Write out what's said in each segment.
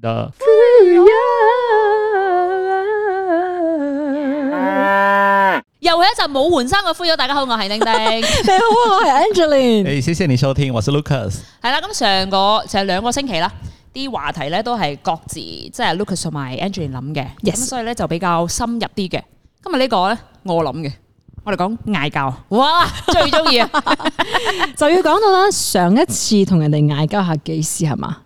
呼！又係一集冇換衫嘅 Fuyoh！大家好，我係丁丁，你好，我係 Angeline。誒，謝謝你收聽，我是 Lucas。係啦，咁上個就係兩個星期啦，啲話題咧都係各自即係 Lucas 同埋 Angeline 諗嘅，咁所以咧就比較深入啲嘅。今日呢個咧我諗嘅，我哋講嗌交，哇，最中意啊！就要講到啦，上一次同人哋嗌交係幾時係嘛？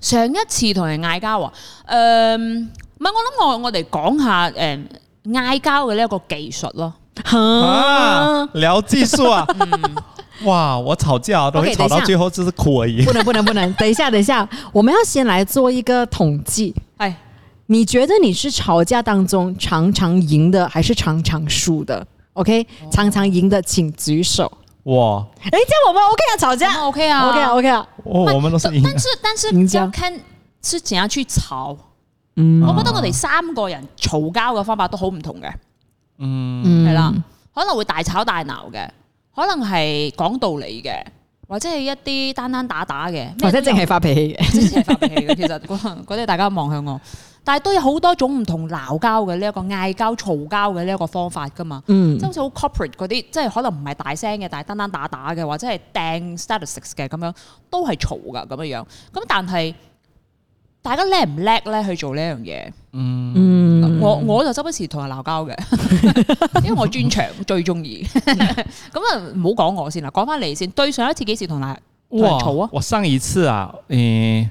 上一次同人嗌交啊，嗯，唔係我諗我我哋講下誒嗌交嘅呢一個技術咯，吓、啊，聊技術啊， 嗯、哇，我吵架、啊、都會吵到最後只是哭而已，okay, 不能不能不能，等一下等一下，我們要先來做一個統計，哎， 你覺得你是吵架當中常常贏的還是常常輸的？OK，常常贏的請舉手。哇！誒、欸，即係我們 O K 啊，吵架 O K 啊，okay 啊，okay 啊、哦，我們都是贏家。但是，但是要看是點樣去吵。嗯，我覺得我哋三個人嘈交嘅方法都好唔同嘅。嗯，係啦，可能會大吵大鬧嘅，可能係講道理嘅，或者係一啲單單打打嘅，或者淨係發脾氣嘅，即係發脾氣嘅。其實嗰嗰啲大家望向我。但係都有好多種唔同鬧交嘅呢一個嗌交、嘈交嘅呢一個方法噶嘛、嗯，即好似好 corporate 嗰啲，即係可能唔係大聲嘅，但係單單打打嘅，或者係掟 status 嘅咁樣，都係嘈噶咁樣樣。咁但係大家叻唔叻咧去做呢樣嘢？嗯，我我就周不時同人鬧交嘅， 因為我專長 最鍾意。咁啊，唔好講我先啦，講翻嚟先。對上一次幾時同人嘈啊？我上一次啊，誒、嗯。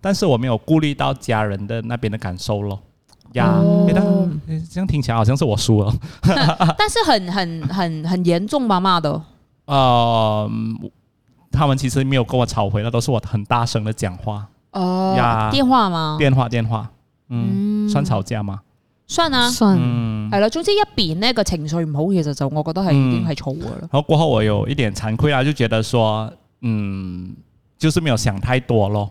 但是我沒有顧慮到家人的那邊的感受咯，呀、yeah, 哦欸欸，這樣聽起來好像是我輸了。 但是很很很很嚴重嘛，罵的。呃，他們其實沒有跟我吵回來，那都是我很大聲的講話。哦、呃，呀，Yeah, 電話嗎？電話電話，嗯，嗯算吵架嗎？算啊，算。係啦、嗯，總之一邊呢個情緒唔好，其實就我覺得係已經係錯噶啦。然後過後我有一點慚愧啊，就覺得說，嗯，就是沒有想太多咯。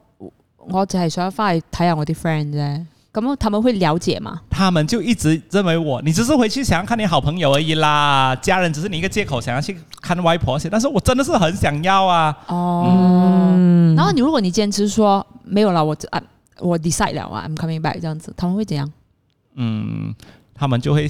我只係想要翻嚟睇下我啲 friend 咧，咁他們會了解嗎？他們就一直認為我，你只是回去想要看你好朋友而已啦，家人只是你一個借口，想要去看外婆先。但是我真的是很想要啊。哦，嗯、然後你如果你堅持說沒有啦，我啊我 decide 了啊 I'm coming back，這樣子他們會怎樣？嗯，他們就會。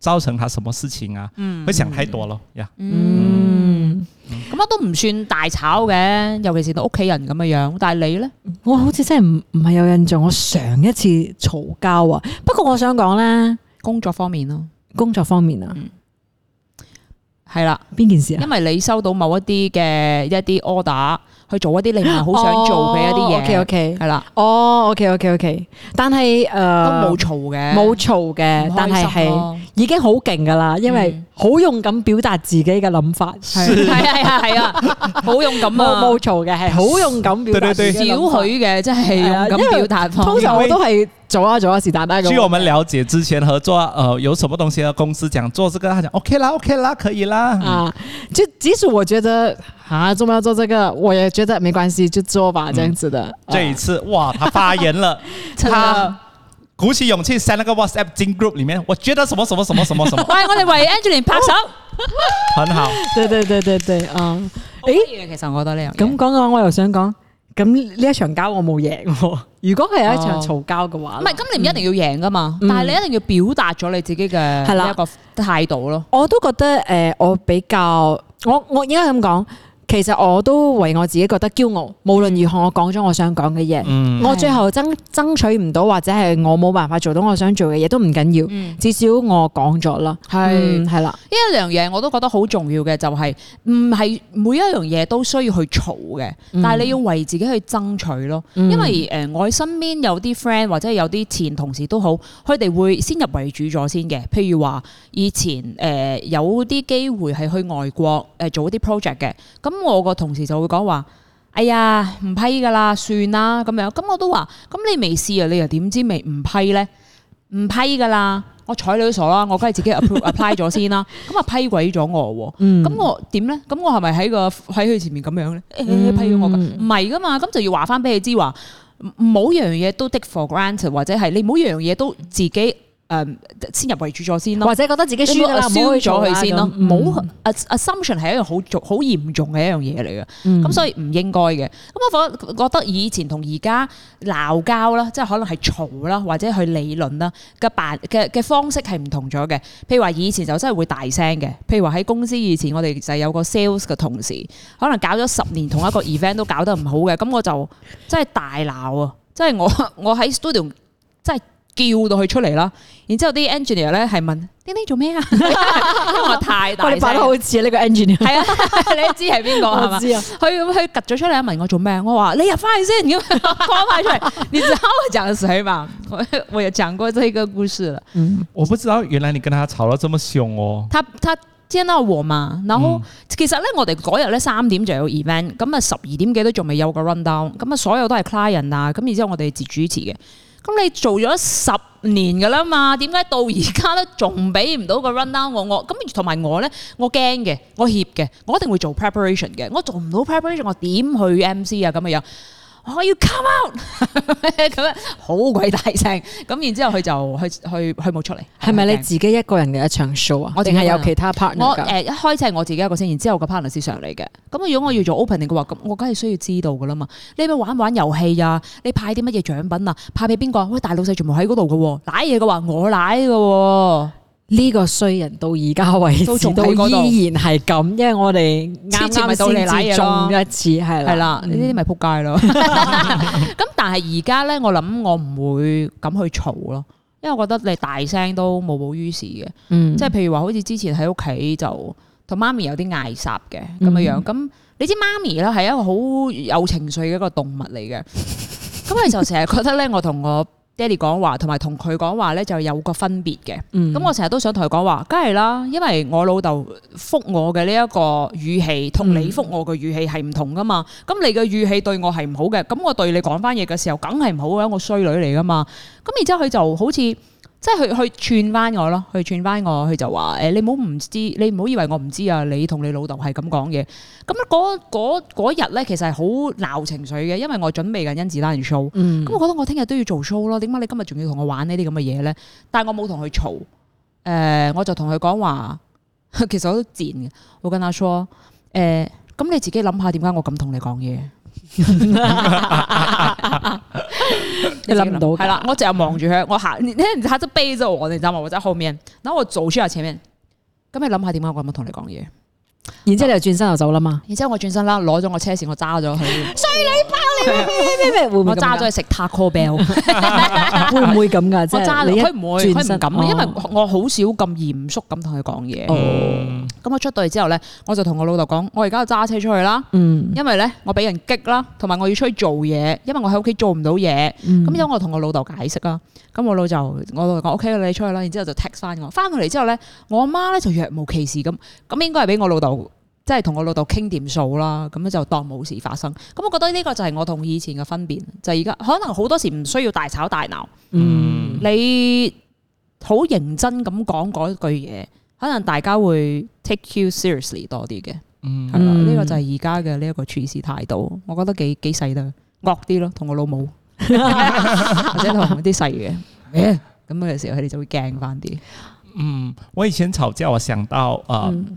造成下什麼事情啊？嗯，會想太多咯，呀，嗯，咁啊都唔算大吵嘅，尤其是到屋企人咁嘅樣。但係你咧，我好似真係唔唔係有印象，我上一次嘈交啊。不過我想講咧，工作方面咯，工作方面啊，係啦，邊件事啊？因為你收到某一啲嘅一啲 order 去做一啲你唔係好想做嘅一啲嘢，OK OK，係啦，哦，OK OK OK，但係誒都冇嘈嘅，冇嘈嘅，但係係。已經好勁噶啦，因為好勇敢表達自己嘅諗法，係係啊係啊，好勇敢啊，冇冒嘅係，好勇敢表達少許嘅，即係啊，咁表達。通常我都係做啊做啊是但是但咁。據我們了解，之前合作誒，有什麼東西啊？公司講做這個，他講 OK 啦 OK 啦，可以啦啊。就即使我覺得啊，仲要做這個，我也覺得沒關係，就做吧，這樣子的。這一次，哇，他發言了，他。鼓起勇氣塞一個 WhatsApp group 裏面，我覺得什麼什麼什麼什麼什麼。我哋為 Angeline 拍手。很好。對對對對對，啊、哦。誒，對對對嗯欸、其實我覺得呢樣。咁講嘅話，我又想講，咁呢一場交我冇贏。哦、如果係一場嘈交嘅話，唔係、哦，咁你唔一定要贏噶嘛，嗯嗯、但係你一定要表達咗你自己嘅係啦一個態度咯。我都覺得誒、呃，我比較，我我應該咁講。其實我都為我自己覺得驕傲，無論如何，我講咗我想講嘅嘢，嗯、我最後爭爭取唔到或者係我冇辦法做到我想做嘅嘢都唔緊要，嗯、至少我講咗啦，係係啦。呢是了一樣嘢我都覺得好重要嘅，就係唔係每一樣嘢都需要去嘈嘅，嗯、但係你要為自己去爭取咯。因為誒我身邊有啲 friend 或者有啲前同事都好，佢哋會先入為主咗先嘅。譬如話以前誒有啲機會係去外國誒做啲 project 嘅，咁。我個同事就會講話，哎呀，唔批噶啦，算啦咁樣。咁我都話，咁你未試啊？你又點知未唔批咧？唔批噶啦，我睬你都傻啦，我梗係自己 apply 咗先啦。咁啊 批鬼咗我，咁、嗯、我點咧？咁我係咪喺個喺佢前面咁樣咧？嗯、 批咗我唔係噶嘛，咁就要話翻俾你知，話唔唔冇樣嘢都 take for granted，或者係你冇樣嘢都自己。誒先入為主咗先咯、啊，或者覺得自己輸咗，咗佢就先咯、啊，好、嗯、Assumption 係一樣好好嚴重嘅一樣嘢嚟嘅，咁、嗯、所以唔應該嘅。咁我覺得以前同而家鬧交啦，即係可能係嘈啦，或者去理論啦嘅辦嘅嘅方式係唔同咗嘅。譬如話以前就真係會大聲嘅，譬如話喺公司以前我哋就有個 sales 嘅同事，可能搞咗十年同一個 event 都搞得唔好嘅，咁 我就真係大鬧啊！即係我我喺 studio 即係。叫到佢出嚟啦，然之後啲 engineer 咧係問，丁丁做咩啊？因為太大聲，我扮得好似啊。你 er」呢個 engineer。係我好 吧啊，你知係邊個？我知啊。佢佢趌咗出嚟問我做咩？我話你入翻去先，你要、啊、翻出嚟。你知道我講嘅係嘛？我又有講過呢個故事啦、嗯。我不知道原來你跟他吵得咁樣凶哦。他他聽到我嘛，然後、嗯、其實咧我哋嗰日咧三點就有 event，咁啊十二點幾都仲未有個 run down，咁啊所有都係 client 啊，咁然之後我哋自主持嘅。咁你做咗十年㗎啦嘛，點解到而家都仲俾唔到個 run down 我我？咁同埋我咧，我驚嘅，我怯嘅，我一定會做 preparation 嘅。我做唔到 preparation，我點去 MC 啊咁嘅樣？我要、oh, come out 咁 樣好鬼大聲，咁然之後佢就去佢佢冇出嚟，係咪你自己一個人嘅一場 show 啊？我定係有其他 partner。我誒一開始係我自己一個先，然之後個 partner 先上嚟嘅。咁、嗯、如果我要做 opening 嘅話，咁我梗係需要知道噶啦嘛。你咪玩玩遊戲啊？你派啲乜嘢獎品啊？派俾邊個？喂，大老細全部喺嗰度噶，瀨嘢嘅話我瀨嘅、喔。呢個衰人到而家為止都仲喺嗰度，依然係咁。因為我哋啱啱你奶中一次，係啦係啦，呢啲咪仆街咯。咁但係而家咧，我諗我唔會咁去嘈咯，因為我覺得你大聲都無補於事嘅。即係譬如話，好似之前喺屋企就同媽咪有啲嗌霎嘅咁嘅樣。咁你知媽咪咧係一個好有情緒嘅一個動物嚟嘅，咁你就成日覺得咧，我同我。嗯爹哋講話同埋同佢講話咧，就有個分別嘅。咁、嗯、我成日都想同佢講話，梗係啦，因為我老豆覆我嘅呢一個語氣，同你覆我嘅語氣係唔同噶嘛。咁、嗯、你嘅語氣對我係唔好嘅，咁我對你講翻嘢嘅時候，梗係唔好嘅，我係一個衰女嚟噶嘛。咁然之後佢就好似，即係佢去串翻我咯，佢串翻我，佢就話誒，你冇唔知，你唔好以為我唔知啊。你同你老豆係咁講嘢，咁嗰日咧，其實係好鬧情緒嘅，因為我準備緊甄子丹單人 show，咁我覺得我聽日都要做 show 咯。點解你今日仲要同我玩這些東西呢啲咁嘅嘢咧？但係我冇同佢嘈，誒、呃，我就同佢講話，其實我都賤嘅，我跟阿 show 咁你自己諗下點解我咁同你講嘢。 你諗唔到係啦，我就望住佢，我行，你睇下都背住我，你知道嘛？我喺後面，等我走出嚟前面，咁你諗下點解我咁樣同你講嘢，然之後你就轉身就走啦嘛。然之後我轉身啦，攞咗我車匙，我揸咗佢。 唔 會唔會我揸咗去食 Taco Bell， 會唔會咁噶？我揸你？佢唔會，佢唔敢，因為我好少咁嚴肅咁同佢講嘢。咁、嗯、我出到嚟之後咧，我就同我老豆講，我而家要揸車出去啦。嗯，因為咧我俾人激啦，同埋我要出去做嘢，因為我喺屋企做唔到嘢。咁之後我同我老豆解釋啦。咁我老就我老豆講 OK 啦，你出去啦。然後 text 之後就踢翻我。翻到嚟之後咧，我阿媽咧就若無其事咁，咁應該係俾我老豆。即係同我老豆傾掂數啦，咁樣就當冇事發生。咁我覺得呢個就係我同以前嘅分別，就而家可能好多時唔需要大吵大鬧。嗯，你好認真咁講嗰句嘢，可能大家會 take you seriously 多啲嘅。嗯，係啦，呢個就係而家嘅呢一個處事態度，我覺得幾幾細得惡啲咯，同我老母 或者同啲細嘅，誒，咁嘅時候佢哋就會驚翻啲。嗯，我以前吵架，我想到啊。呃嗯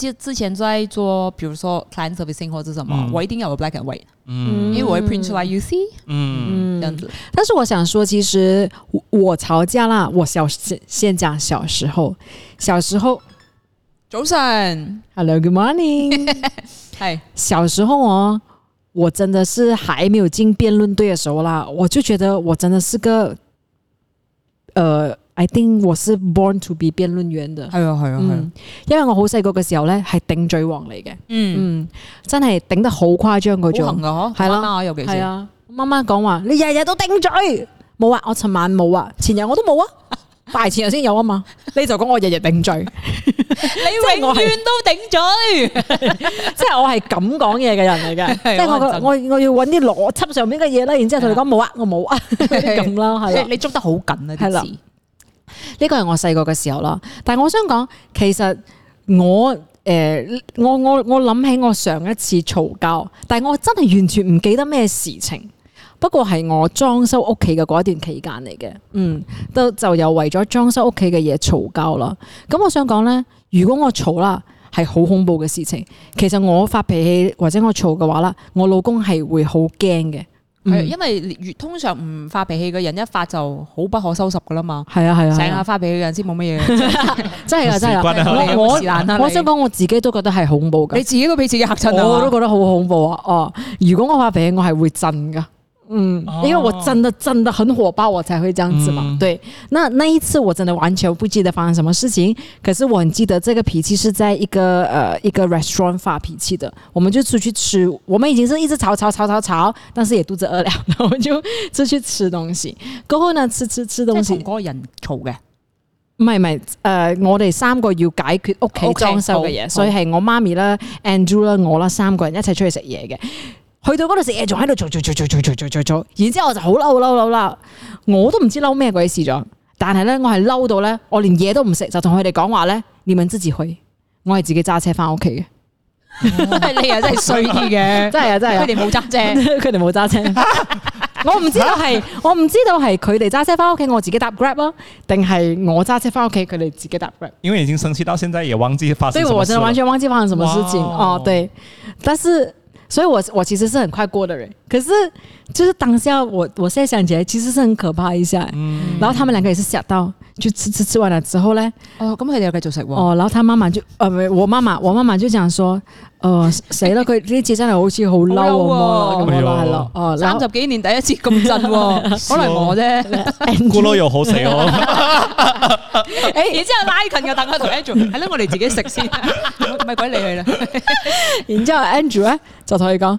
就之前在做，比如說 client servicing 或者是什麼，嗯、我一定要有 black and white，嗯，因為我會 print 出來 you see，嗯，這樣子、嗯。但是我想說，其實我吵架啦。我小時先講小時候，小時候早晨，hello good morning，嗨， 小時候哦，我真的是還沒有進辯論隊的時候啦，我就覺得我真的是個，呃。I think was born to be 辯論員的，係啊係啊係啊，因為我好細個嘅時候咧係頂嘴王嚟嘅，嗯，真係頂得好誇張嗰種，係啦，尤其是，係啊，媽媽講話，你日日都頂嘴。冇啊，我尋晚冇啊，前日我都冇啊，大前日先有啊嘛，你就講我日日頂嘴，你永遠都頂嘴。即係我係咁講嘢嘅人嚟嘅，即係我我我要揾啲邏輯上面嘅嘢啦，然之後同你講冇啊，我冇啊，咁啦，係啦，你捉得好緊啊，係啦。呢個係我細個嘅時候啦，但係我想講，其實我誒、呃，我我我諗起我上一次嘈交，但我真係完全唔記得咩事情，不過係我裝修屋企嘅嗰一段期間嚟嘅，嗯，都就又為咗裝修屋企嘅嘢嘈交啦。咁我想講咧，如果我嘈啦，係好恐怖嘅事情。其實我發脾氣或者我嘈嘅話啦，我老公係會好驚嘅。係、mm，hmm. 因為越通常唔發脾氣嘅人一發就好不可收拾噶啦嘛。係啊係啊，成日、啊啊、發脾氣嘅人先冇乜嘢。真係啊真係啊！你你有有啊我你我想講我自己都覺得係恐怖噶。你自己都俾自己吓親啊！我都覺得好恐怖啊！哦，如果我發脾氣，我係會震噶。嗯，因為我真的真的很火爆，我才會這樣子嘛。嗯、對，那那一次我真的完全不記得發生什麼事情，可是我很記得這個脾氣是在一個呃一個 restaurant 發脾氣的。我們就出去吃，我們已經是一直吵吵吵吵吵，但是也肚子餓了，然後我就出去吃東西。嗰個呢？吃吃吃東西。即係同嗰個人吵嘅。唔係唔係誒，我哋三個要解決屋企裝修嘅嘢，okay, 所以係我媽咪啦、Andrew 啦、我啦，三個人一齊出去食嘢嘅。去到嗰度食嘢，仲喺度做做做做做做做做，然之後我就好嬲嬲嬲啦，我都唔知嬲咩鬼事咗。但係咧，我係嬲到咧，我連嘢都唔食，就同佢哋講話咧，你們自己去，我係自己揸車翻屋企嘅。啊、 你又真係衰啲嘅，真係啊真係。佢哋冇揸車，佢哋冇揸車。 我唔知道係，我唔知道係佢哋揸車翻屋企，我自己搭 Grab 咯，定係我揸車翻屋企，佢哋自己搭 Grab。因為已經生氣到現在，也忘記發生。所以我真係完全忘記發生什麼事情哇哦。對，但是。所以我，我我其實是很快過的人，可是，就是當下我，我我現在想起來，其實是很可怕一下。嗯，然後他們兩個也是嚇到。就吃吃吃完了之後呢，哦咁佢哋又繼續食喎、哦。哦，然後他媽媽就，誒唔係，我媽媽我媽媽就講說，哦，死啦，佢呢、呃、次真係好似好嬲喎，係咯、哦，哦，哦三十幾年第一次咁震喎，可能我啫，咕嚕又好食哦。誒、 欸，然之後拉近又等下同 Andrew，係咯，我哋自己食先，咪鬼理佢啦。 然之後 Andrew 咧就同佢講。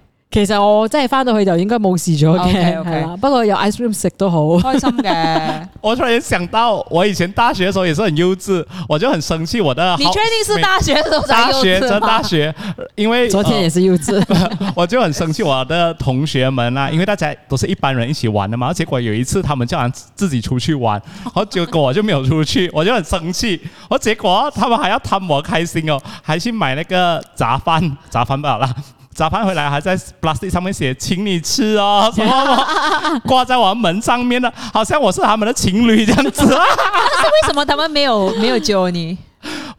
其實我真係翻到去就應該冇事咗嘅，okay, okay 不過有 ice cream 食都好開心嘅。 我突然想到，我以前大學的時候也是很幼稚，我就很生氣我的。你確定是大學的時候都？大學真大學，因為昨天也是幼稚、呃，我就很生氣我的同學們啦、啊。因為大家都是一般人一起玩的嘛，結果有一次他們叫人自己出去玩，然 結果我就沒有出去，我就很生氣。我 結果他們還要貪我開心哦，還去買那個炸飯，炸飯好啦。早盤回來還在 plastic 上面寫，請你吃哦，什麼掛在我們門上面的，好像我是他們的情侶這樣子、啊。 但是為什麼他們沒有沒有叫你？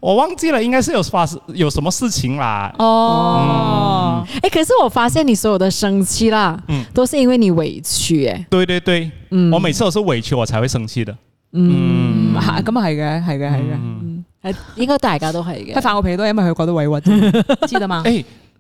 我忘記了，應該是有發生有什麼事情啦。哦，哎、嗯欸，可是我發現你所有的生氣啦，嗯、都是因為你委屈、欸，哎。對對對，嗯，我每次都是委屈我才會生氣的。嗯，哈、嗯啊，根本係嘅，係嘅，係嘅，嗯，係、嗯、應該大家都係嘅。佢發我脾氣都係因為佢覺得委屈， 記得嗎？哎、欸。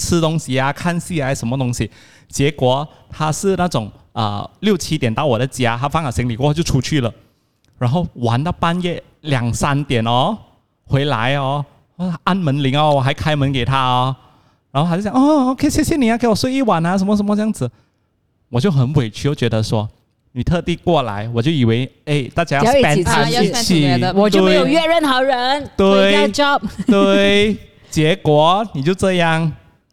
吃東西啊，看戲啊，還是什麼東西？結果他是那種啊，六、呃、七點到我的家，他放了行李過後就出去了，然後玩到半夜兩三點哦，回來哦，哦按門鈴哦，我還開門給他哦，然後他就想哦，OK，謝謝你啊，給我睡一晚啊，什麼什麼這樣子，我就很委屈，又覺得說你特地過來，我就以為哎，大家要辦他一起，要對我就沒有約任何人，對，job，對，結果你就這樣。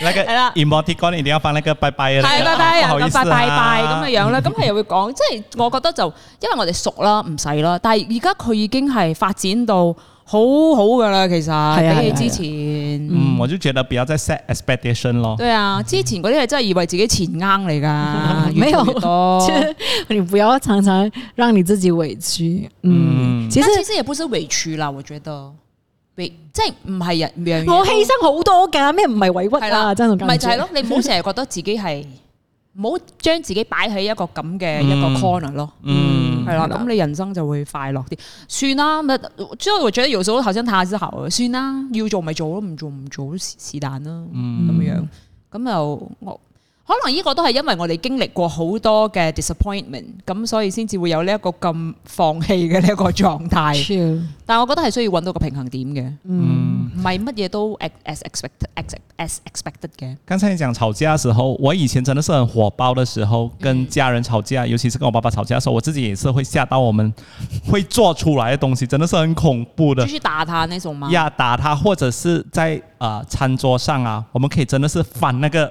那係啦 emoticon 一定要翻呢個拜拜啊，拜拜拜拜咁嘅樣咧，咁又會講，即係我覺得就因為我哋熟啦，唔使咯。但係而家佢已經係發展到好好噶啦，其實比起之前，嗯，我就覺得比較 set expectation 咯。對啊，之前嗰啲係真係以為自己錢啱嚟噶。沒有，你不要常常讓你自己委屈。嗯，其實其實也不是委屈啦，我覺得。即係唔係人，我犧牲好多噶，咩唔係委屈啦、啊的啊，真係唔係就係咯？你唔好成日覺得自己係，唔好將自己擺喺一個咁嘅一個 corner 咯、嗯。嗯，係啦的，咁的你人生就會快樂啲。算啦，咁即係我覺得姚嫂頭先太之後，算啦，要做咪做咯，唔做唔做是但啦。嗯，咁樣，咁又、嗯、我。可能呢個都係因為我哋經歷過好多嘅 disappointment，咁所以先至會有呢一個咁放棄嘅呢一個狀態。 但我覺得係需要揾到個平衡點嘅，嗯，唔係乜嘢都 as expected as expected 嘅。剛才你講吵架的時候，我以前真的是很火爆的時候，跟家人吵架，尤其是跟我爸爸吵架的時候，我自己也是會嚇到，我們會做出來嘅東西真的是很恐怖的，去打他那種嗎？呀，yeah, 打他或者是在啊、呃、餐桌上啊，我們可以真的是翻那個。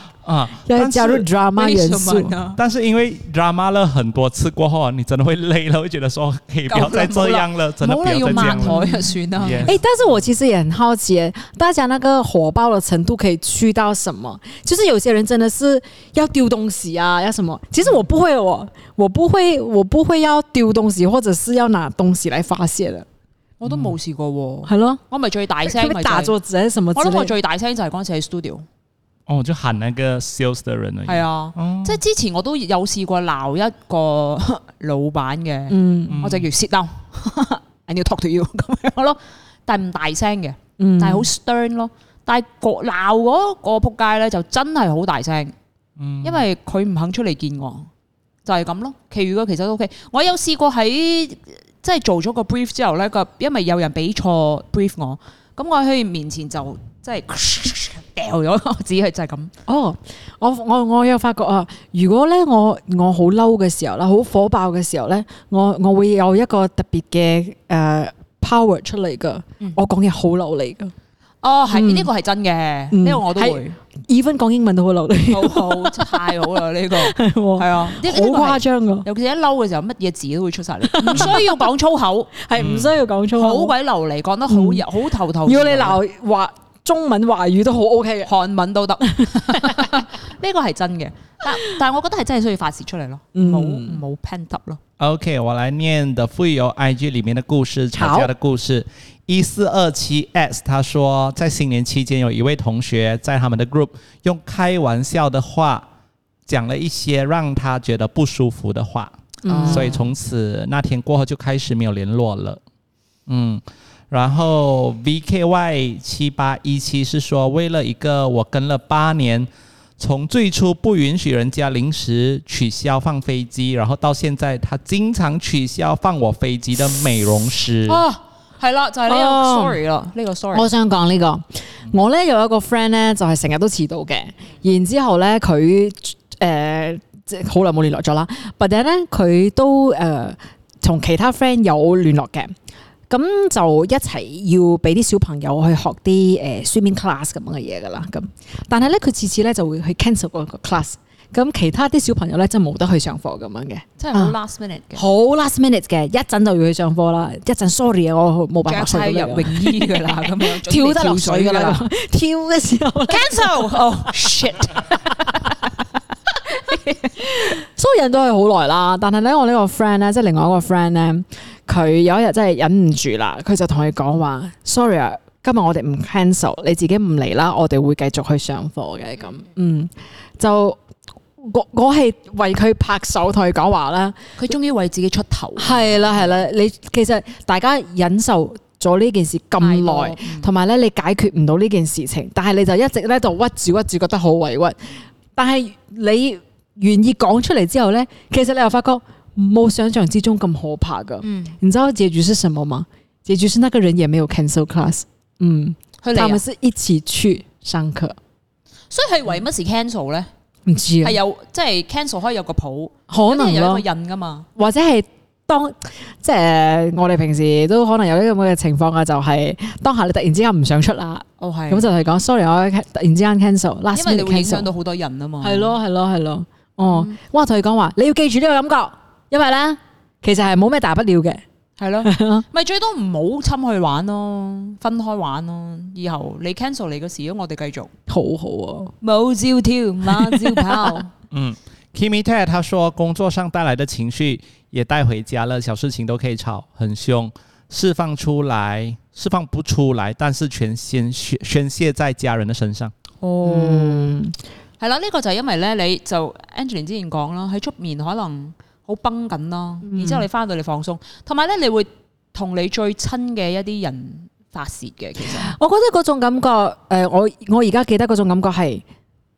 啊！加入 drama 元素，但是因為 drama 了很多次過後，你真的會累了，會覺得說可以不要再這樣了，了真的不要再這樣哎、啊 Yes 欸，但是我其實也很好奇，大家那個火爆的程度可以去到什麼？就是有些人真的是要丟東西啊，要什麼？其實我不會、哦，我我不會，我不會要丟東西，或者是要拿東西來發泄的，我都冇試過喎。係咯、嗯，Hello? 我咪最大聲咪打桌子追什麼之類，我諗我最大聲就係嗰次喺 studio。哦，就行，那個 sales 的人咯，係啊，哦、即係之前我都有試過鬧一個老闆嘅，嗯嗯、我就叫 sit down 你要 talk to you 咁樣咯，但係唔大聲嘅，但係好 stern 咯，但係鬧嗰個仆街咧就真係好大聲，嗯、因為佢唔肯出嚟見我，就係、是、咁咯。其餘嘅其實都 OK，我有試過喺即係做咗個 brief 之後咧，個因為有人俾錯 brief 我，咁我喺佢面前就。即係掉咗，我只係就係咁。哦，我我我有發覺啊，如果咧我我好嬲嘅時候啦，好火爆嘅時候咧，我我會有一個特別嘅誒 power 出嚟噶。我講嘢好流利噶。哦，係呢個係真嘅，呢個我都會 even 講英文都好流利。好好，太好啦！呢個係啊，好誇張噶。尤其是一嬲嘅時候，乜嘢字都會出晒嚟，唔需要講粗口，係唔需要講粗口，好鬼流利，講得好好頭頭。要你鬧話。中文、華語都好 OK 嘅，韓文都得，呢 個係真嘅。但係 我覺得係真係需要發泄出嚟咯，冇冇 pent up 咯。OK，我來念的 The Fuyoh IG 裡面的故事，吵架的故事。一四二七 S，, 好 他說在新年期間，有一位同學在他們的 group 用開玩笑的話講了一些讓他覺得不舒服的話，嗯、所以從此那天過後就開始沒有聯絡了。嗯。然後 V K Y 七八一七是說為了一個我跟了八年，從最初不允許人家臨時取消放飛機，然後到現在他經常取消放我飛機的美容師、啊就是、了哦係啦就呢個 sorry 咯呢個 sorry。我想講呢、呢個，我咧有一個 friend 咧就係成日都遲到嘅，然之後咧佢誒即係好耐冇聯絡咗啦，但係咧佢都誒同、呃、其他 friend 有聯絡嘅。咁就一齊要俾啲小朋友去學啲 Swimming class 咁樣嘅嘢噶啦，咁但係咧佢次次咧就會去 cancel 個 class，咁其他啲小朋友咧真係冇得去上課咁樣嘅、啊，真係好 last minute，嘅，好 last minute 嘅一陣就要去上課啦，一陣 sorry 我冇辦法上，入泳衣噶啦，咁跳得落水噶啦，跳嘅時 候 cancel、oh, shit，所以人都係好耐啦，但係咧我呢個 friend 咧即係另外一個 friend 咧。佢有一日真係忍唔住啦，佢就同佢講話，sorry 啊，今日我哋唔 cancel，你自己唔嚟啦，我哋會繼續去上課嘅。咁，Okay. 嗯，就我我係為佢拍手同佢講話啦。佢終於為自己出頭是。係啦，係啦。你其實大家忍受咗呢件事咁耐，同埋咧你解決唔到呢件事情，但係你就一直咧度屈住屈住，覺得好委屈。但係你願意講出嚟之後咧，其實你又發覺。冇想象之中咁可怕嘅，你、嗯、知道結局是什麼嗎？結局是那個人也沒有 cancel class，嗯，佢哋，他們是一起去上課，所以係為乜事 cancel 咧？唔、嗯、知道啊，係有即係、就是、cancel 可以有個譜，可能咯有個印噶嘛，或者係當即係、就是、我哋平時都可能有啲咁嘅情況啊，就係當下你突然之間唔想出啦，咁、哦、就同佢講，sorry，我突然之間 cancel，因為你會影響到好多人啊嘛，係咯係咯係咯，嗯、哦，我同佢講話，你要記住呢個感覺。因為咧，其實係冇咩大不了嘅，係 咯，咪最多唔好侵去玩咯，分開玩咯。以後你 cancel 你個時候，我哋繼續，好好啊，冇招跳，慢招跑。 嗯，Kimmy Ted 他說，工作上帶來的情緒也帶回家了，小事情都可以吵，很凶，釋放出來，釋放不出來，但是全宣宣泄在家人的身上。哦，係啦、嗯，呢、這個就係因為咧，你就 Angeline 之前講啦，喺出面可能。好繃緊咯，然之後你翻到嚟放鬆，同埋咧你會同你最親嘅一啲人發洩嘅。其實我覺得嗰種感覺，誒，我我而家記得嗰種感覺係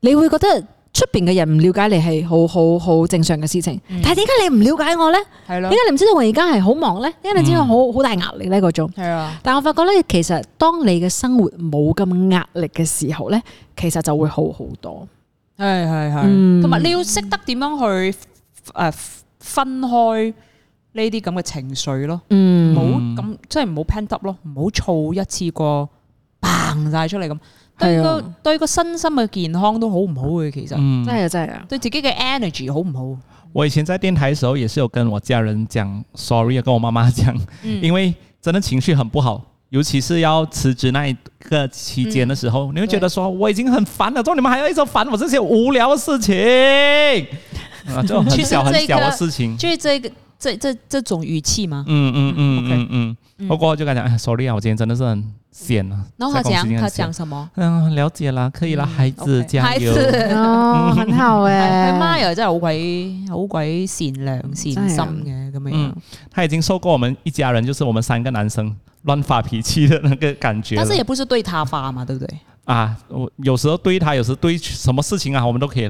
你會覺得出邊嘅人唔了解你係好好好正常嘅事情，但係點解你唔了解我咧？係咯？點解你唔知道我而家係好忙咧？點解你知道我好好大壓力咧？嗰種係啊！但係我發覺咧，其實當你嘅生活冇咁壓力嘅時候咧，其實就會好好多。係係係，同埋你要識得點樣去誒。分開呢啲咁嘅情緒咯，唔好咁即係唔好 pent up 咯，唔好燥一次過掟晒出嚟咁。對個、哎、呦對個身心嘅健康都好唔好嘅，其實真係真係啊！嗯嗯、對自己嘅 energy 好唔好？對好好我以前在電台嘅時候，也是有跟我家人講 sorry，跟我媽媽講，因為真係情緒很不好，尤其是要辭職那一個期間嘅時候，嗯、對你會覺得說我已經很煩啦，做，你們還要一直煩我這些無聊事情。啊，很小很小的事情，就是這個這這這種語氣嗎？嗯嗯嗯嗯嗯。不過我就講，哎，sorry 啊，我今天真的是很閒啊，然後他講他講什麼？嗯，了解了，可以了，孩子加油，孩子哦，很好誒，媽呀，真好鬼好鬼善良善心嘅咁樣。他已經受夠我們一家人，就是我們三個男生亂發脾氣的那個感覺。但是也不是對他發嘛，對不對？啊，我有時候對他，有時候對什麼事情啊，我們都可以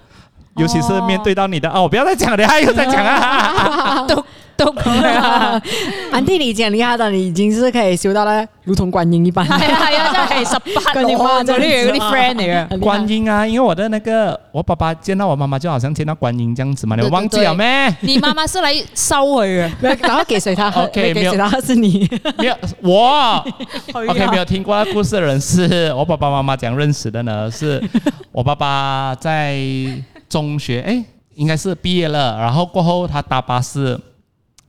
尤其是面對到你的哦，我不要再講了，他又在講啊，都都，安蒂，你講厲害的，你已經是可以修到了，如同觀音一般。對十八。跟你媽這裏有你 friend 觀音啊，因為我的那個我爸爸見到我媽媽就好像見到觀音這樣子嘛，你忘記了嗎？你媽媽是來燒我的，然後給誰他？好，OK，沒有，然後是你，沒有我。OK，沒有聽過那故事的人是我爸爸媽媽講認識的呢，是我爸爸在。中學哎，應該是畢業了，然後過後他搭巴士，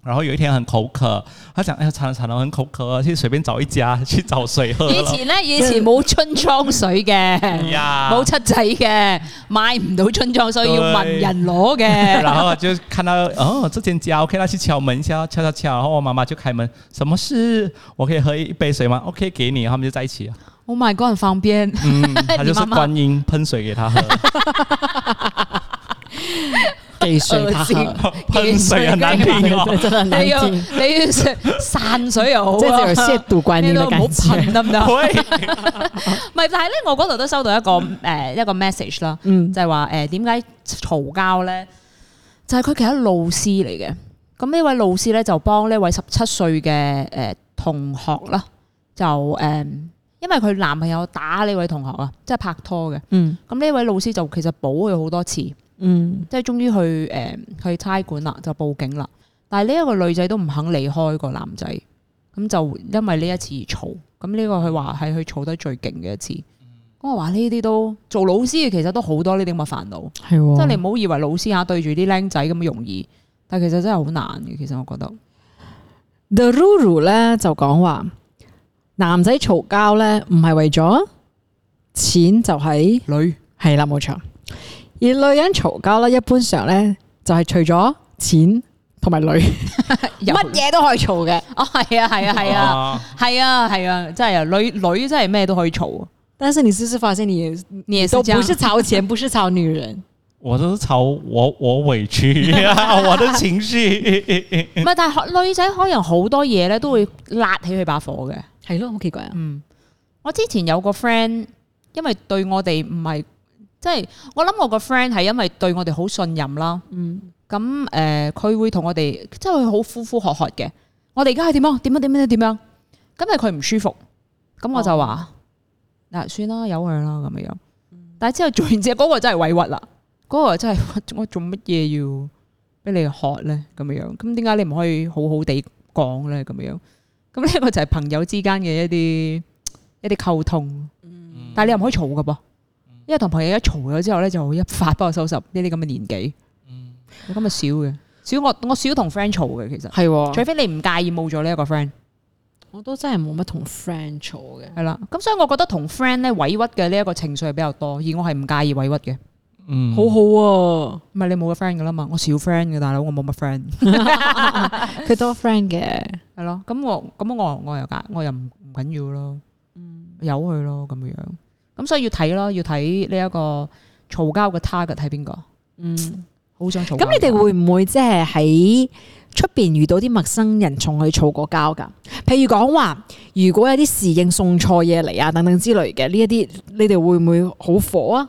然後有一天很口渴，他想哎呀，慘了慘了很口渴，去隨便找一家去找水喝。以前呢，以前冇樽裝水嘅，冇 七仔嘅，買唔到樽裝水，所以要問人攞嘅。然後就看到哦，這間家 OK 他去敲門一下，敲敲敲，然後我媽媽就開門，什麼事？我可以喝一杯水嗎？OK，給你，他們就在一起了 Oh my God, 方便！嗯，他就是觀音噴水給他喝，給 水他喝，噴 水也難聽咯， 嗯、真係難聽。你要散水又好，即係 有些賭觀音的感覺，難唔難？唔係， 但係咧，我嗰度都收到一個誒、 呃、一個 message 啦，嗯就、呃，就係話誒點解嘈交咧？就係佢其實老師嚟嘅，咁呢位老師咧就幫呢位十七歲嘅誒同學啦，就誒。嗯因為佢男朋友打呢位同學啊，即係拍拖嘅。嗯，咁呢位老師就其實補佢好多次，嗯即終於，即係終於去誒去差館啦,就報警啦。但係呢一個女仔都唔肯離開個男仔，咁就因為呢一次而吵。咁呢個佢話係佢吵得最勁嘅一次。咁我話呢啲都做老師嘅，其實都好多呢啲咁嘅煩惱，係是、哦、即係你唔好以為老師啊對住啲靚仔咁容易，但其實真係好難嘅。其實我覺得、嗯、，The Ruru 咧就講話。男仔嘈交咧，唔係為咗錢就係女係啦，冇錯。而女人嘈交咧，一般上咧就係除咗錢同埋女，乜嘢都可以嘈嘅。 哦，係啊，係啊，係啊，係啊，係啊，真係啊，啊，女女真係咩都可以嘈啊。但係你試試發現，你你也都唔係吵錢，不是吵女人， 我都是吵我我委屈，啊， 我啲情緒。唔係，但係女仔可能好多嘢咧都會焫起佢把火嘅。係咯，好奇怪啊！嗯，我之前有個 friend，因為對我哋唔係，即、就、係、是、我諗我個 friend 係因為對我哋好信任啦。嗯，咁誒，佢、呃、會同我哋，即係佢好呼呼喝喝嘅。我哋而家係點樣？點樣？點樣？點樣？咁係佢唔舒服，咁我就話嗱、哦啊，算啦，由佢啦咁樣。但係之後做完之後，嗰個真係委屈啦，嗰個真係我做乜嘢要俾你喝咧？咁樣樣，咁點解你唔可以好好地講咧？咁樣。咁呢一個就係朋友之間嘅一啲一啲溝通，嗯、但係你又唔可以嘈嘅噃，嗯、因為同朋友一嘈咗之後咧就一發不可收拾，呢啲咁嘅年紀，咁啊、嗯、少嘅，少我我少同 friend 嘈嘅，其實係、哦、除非你唔介意冇咗呢一個 friend，我都真係冇乜同 friend 嘈嘅，係啦、嗯，咁所以我覺得同 friend 咧委屈嘅呢一個情緒係比較多，而我係唔介意委屈嘅。好好啊，唔係你冇個 friend 噶啦嘛，我少 friend 嘅大佬，我冇乜 friend，佢多 friend 嘅，係 咯， 咁我咁我我又夾，我又唔唔緊要咯，嗯，由佢咯咁樣，咁所以要睇咯，要睇呢一個嘈交嘅 target 係邊個，嗯，好想嘈。咁你哋會唔會即係喺出邊遇到啲陌生人同佢嘈過交噶？譬如講話如果有啲侍應送錯嘢嚟啊等等之類嘅呢一啲，你哋會唔會好火啊？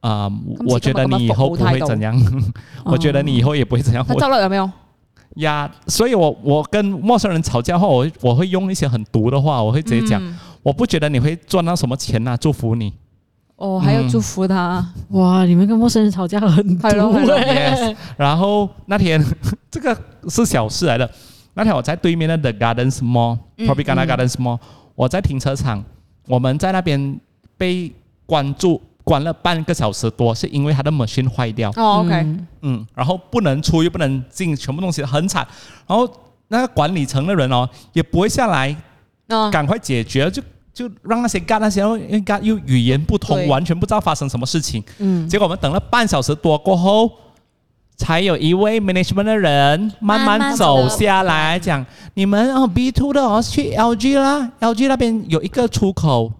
啊、嗯，我覺得你以後不會怎樣，嗯、 我覺得你以後也不會怎樣。嗯、我招了有沒有？呀、yeah，所以我，我我跟陌生人吵架後，我我會用一些很毒的話，我會直接講。嗯、我不覺得你會賺到什麼錢呐、啊，祝福你。哦，還要祝福他？嗯、哇，你們跟陌生人吵架很毒嘞！然後那天，這個是小事來的。那天我在對面的 The Gardens Mall，旁、嗯、Tropicana Gardens Mall，嗯、我在停車場，我們在那邊被關注。關了半個小時多，是因為他的 machine 壞掉。哦，OK，嗯，然後不能出又不能進，全部東西很慘。然後那個管理層的人哦，也不會下來，哦、趕快解決，就就讓那些幹那些因為幹又語言不通，對完全不知道發生什麼事情。嗯，結果我們等了半小時多過後，才有一位 management 的人慢慢走下來慢慢講：“對你們哦，B two 的哦，去 LG 啦，LG 那邊有一個出口。”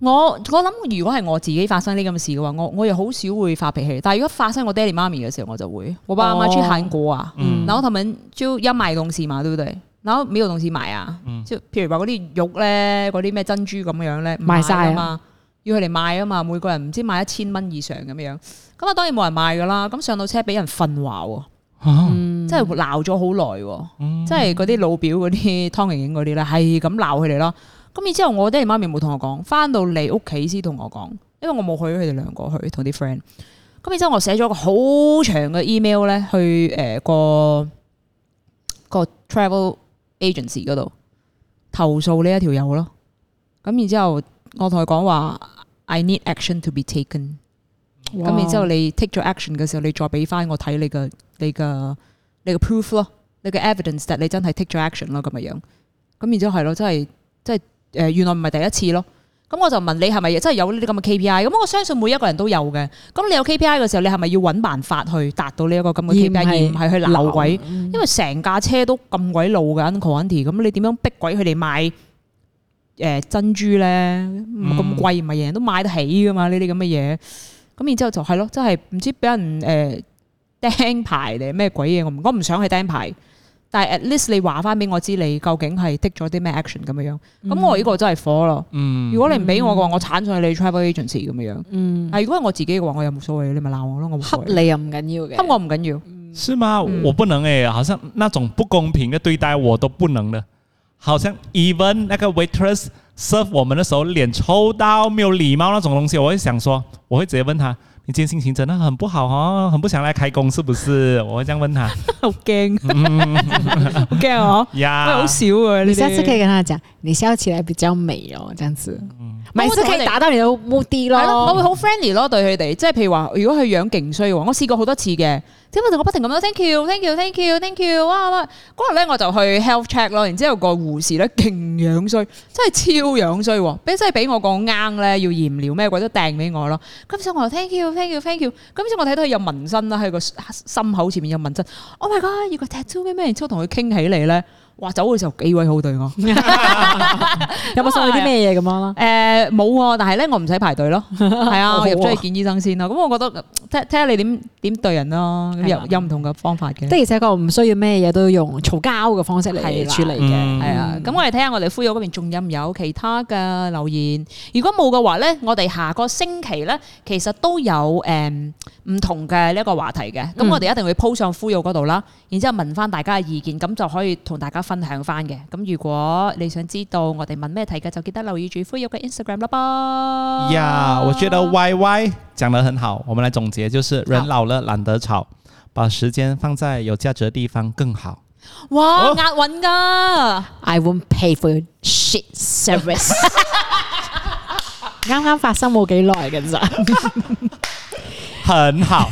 我我諗如果係我自己發生呢咁嘅事嘅話，我我又好少會發脾氣。但係如果發生我爹哋媽咪嘅時候，我就會我爸買住咸果啊。嗱、哦，我頭文招一賣東西嘛，對唔對？然後咩嘢東西賣啊？就、嗯、譬如話嗰啲肉咧，嗰啲咩珍珠咁樣咧，賣晒啊嘛，啊要佢哋賣啊嘛。每個人唔知賣一千蚊以上咁樣，咁啊當然冇人賣噶啦。咁上到車俾人訓話喎，即係鬧咗好耐，即係嗰啲老表嗰啲湯盈盈嗰啲咧，係咁鬧佢哋咯。就是咁然之後我爹哋媽咪冇同我講，翻到嚟屋企先同我講，因為我冇去佢哋兩個去同啲 friend。咁然之後我寫咗個好長嘅 email 咧，去、呃、誒個個 travel agency 嗰度投訴呢一條友咯。咁然之後我同佢講話，I need action to be taken。咁然哇之後你 take 咗 action 嘅時候，你再俾翻我睇你嘅你嘅你嘅 proof 咯，你嘅 evidence that 你真係 take 咗 action 咯咁嘅樣。咁然之後係咯，真係真係誒原來唔係第一次咯，咁我就問你係咪真係有呢啲咁嘅 KPI？咁我相信每一個人都有嘅。咁你有 KPI 嘅時候，你係咪要揾辦法去達到呢一個咁嘅 KPI，而唔係去鬧鬼？因為成架車都咁鬼路嘅。咁你點樣逼鬼佢哋買誒珍珠咧？咁貴唔係人人都買得起噶嘛？呢啲咁嘅嘢。咁然之後就係咯，真係唔知俾人誒釘、呃、牌定咩鬼嘢？我唔想去釘牌。但係 at least 你話返俾我知你究竟係 take 咗啲咩 action 咁樣樣，咁、嗯、我依個真係火咯。嗯、如果你唔俾我嘅話，我鏟上去你 travel agency 咁樣樣。啊，如果係我自己嘅話，我又冇所謂，你咪鬧我咯。我恰你又唔緊要嘅，恰我唔緊要。是嗎？嗯、我不能誒、欸，好像那種不公平嘅對待我都不能了。好像 even 那個 waitress serve 我們的時候，臉抽到沒有禮貌，那種東西，我會想說，我會直接問他。你今天心情真的很不好哈、哦，很不想來開工，是不是？我會這樣問他、嗯。 好驚，好驚哦。好少啊。你下次可以跟他講，你笑起來比較美哦，這樣子，每次可以達到你的目的咯。 我會好 friendly 咯對，對佢哋，即係譬如話，如果佢樣勁衰嘅話，我試過好多次嘅。之後就我不停咁樣 thank you thank you thank you thank you，哇哇！嗰日咧我就去 health check 咯，然之後個護士咧勁樣衰，真係超樣衰喎，俾真係俾我講啱咧，要驗料咩鬼都掟俾我咯。今次我又 thank you thank you thank you，今次我睇到佢有紋身啦，喺個心口前面有紋身。Oh my god！有個 tattoo 咩咩，然之後同佢傾起嚟咧。哇！走嘅時候幾位好對我， 是有冇收到啲咩嘢咁樣？誒冇喎，但係咧我唔使排隊咯，係 啊，我入咗去見醫生先咯。咁、 啊嗯、我覺得睇睇下你點點對人咯，有有唔同嘅方法嘅。啊、即係其實個唔需要咩嘢都用嘈交嘅方式嚟處理嘅，係、嗯、啊。咁、嗯嗯嗯嗯、我哋睇下我哋呼友嗰邊仲有唔有其他嘅留言？如果冇嘅話咧，我哋下個星期咧其實都有、嗯唔同嘅呢一個話題嘅，咁、嗯嗯、我哋一定會鋪、e、上 Fuyoh 嗰度啦，然之後問翻大家嘅意見，咁就可以同大家分享翻嘅。咁如果你想知道我哋問咩題嘅，就記得留意住 Fuyoh 嘅 Instagram 啦噃。呀，yeah, 我覺得 Y Y 講得很好，我們來總結，就是人老了懶得吵，把時間放在有價值嘅地方更好。哇，哦、押韻㗎！I won't pay for shit service。啱啱發生冇幾耐嘅咋？很好。